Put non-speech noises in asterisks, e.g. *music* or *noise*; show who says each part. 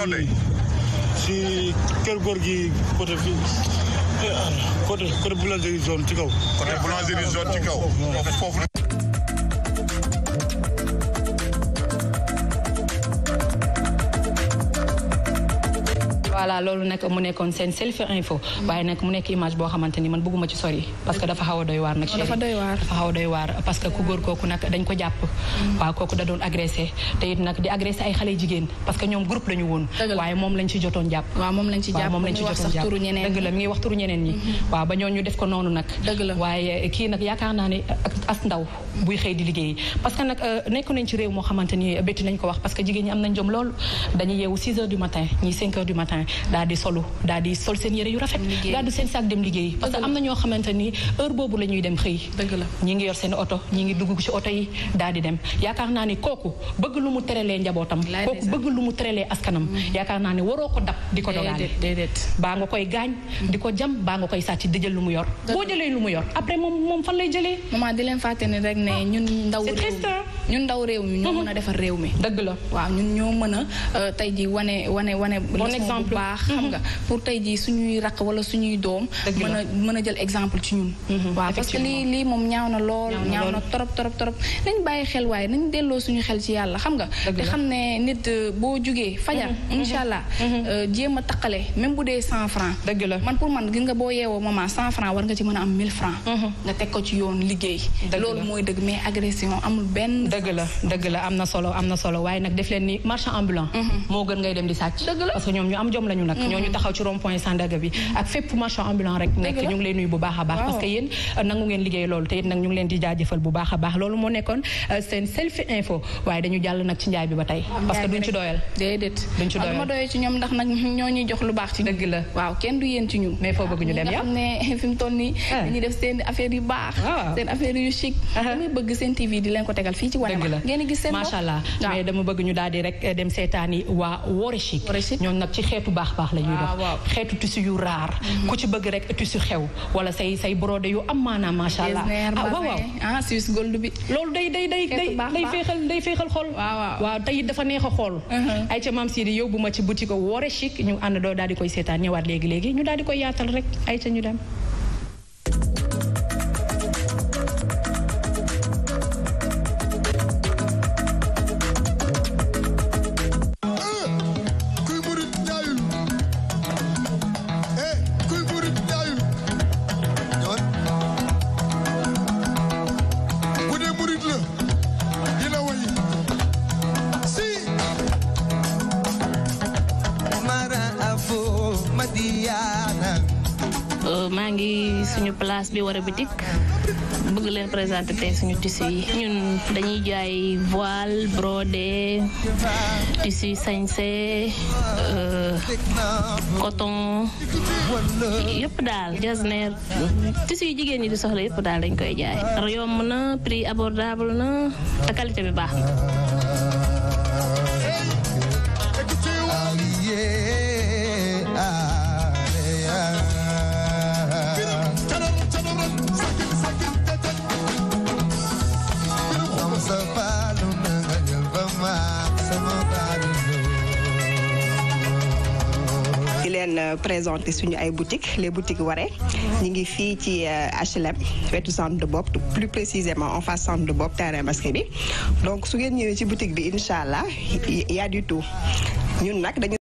Speaker 1: ñoo tey si kër góor gi côté fii côté côté boulangerie zone ci kaw. côté boulangerie zone ci kaw foofu. voilà loolu nag mu nekkoon seen self info waaye nag mu nekk image boo xamante ni man bëgguma ci sori parce que dafa xaw a doy waar nag dafa xaw a doy waar parce que ku góor kooku nag dañ ko jàpp mm. waaw kooku da doon agressé te nag di agressé ay xale jigéen parce que ñoom groupe lañu woon waaye moom lañ ci jotoon jàpp waaw moom lañ ci jàpp moom lañ ci jotoon jàpp dëgg la mi ngi wax turu ñeneen ñi mm-hmm. waaw ba ñoo ñu def ko noonu nag dëgg la waaye kii nag yaakaar naa ne as ndaw buy xëy di liggéey parce que nag euh, nekk nañ ci réew moo xamante ni nañ ko wax parce que jigéen ñi am nañ jom loolu dañuy yeewu 6 heures du matin ñii 5 heures du matin daal solu daal sol seen yére yu rafet gàddu seen sac dem liggéey parce que am na ñoo xamante heure boobu la ñuy dem xëy ñi ngi yor seen oto ñi ngi dugg ci oto yi daal dem yaakaar naa ni kooku bëgg lu mu terelee njabootam kooku bëgg lu mu terelee askanam mm-hmm. yaakaar naa ko dab di ko dogaale baa nga koy mm-hmm. ko jam baa nga koy sàcc di jël lu mu mu yor après moom moom fan ne ñun ndaw réew mi ñun ndaw réew mi ñoo mm-hmm. mën a defar réew mi dëgg la waaw ñun ñoo mën a euh, tey ji wane wane wane bon exemple baax xam nga mm-hmm. pour tey ji suñuy rakk wala suñuy doom mën a mën a jël exemple ci ñun mm-hmm. waa parce que lii lii moom ñaaw na lool ñaaw na torop torop torop nañ bàyyi xel waaye nañ delloo suñu xel ci yàlla xam nga te xam ne nit euh, boo jógee fajar incha allah euh, jéem a taqale même bu dee cent franc dëgg la man pour man gis nga boo yeewoo maman cent franc war nga ci mën a am mille franc nga teg ko ci dëgg mais agression amul benn. dëgg la dëgg la am na solo am na solo waaye nag def leen ni marchand ambulant. Mm-hmm. moo gën ngay dem di sàcc. dëgg la parce que ñoom ñoo ñu mm-hmm. taxaw ci rond point Sandaga bi mm-hmm. ak fépp marchand ambulant rek. nekk ñu ngi a ndax nag ñoo ñuy jox lu baax ci dëgg la waaw kenn du yéen ci ñun mais foo bëgg ñu dem ya ne *laughs* fi toll nii ah. dañuy def seen affaire yu baax ah. seen affaire yu chic ah. damay bëgg seen TV di leen ko tegal fii ci wane ma ngeen gis seen bopp macha allah mais dama bëgg ñu daal eh, ah, mhm. wala say say brodé yu am maanaam macha allah ah waaw waaw ah Suisse gold bi loolu day day day day day féexal day féexal xol waaw tey dafa neex a xool uh-huh. ay ca maam Sidi yóbbu ma ci boutique Worechic ñu ànd doo daal di koy seetaan ñëwaat léegi léegi ñu daal di koy yaatal rek ay ca ñu dem
Speaker 2: Euh, maa ngi suñu place bi war bitik bëgg leen présenter suñu tissu yi ñun dañuy jaay voile brodé tissu sañse euh, coton yëpp daal jasner tissu yi jigéen ñi di soxla yëpp daal dañ koy jaay yomb na prix abordable na te bi baax
Speaker 1: leen euh, présenter suñu ay boutiques le boutiques Waré ñu ngi fii ci HLM euh, H&M, wetu centre de bopp plus précisément en face centre de bopp terrain basket
Speaker 2: bi donc su ngeen ñëwee ci boutique bi incha allah y a du tout ñun nag dañu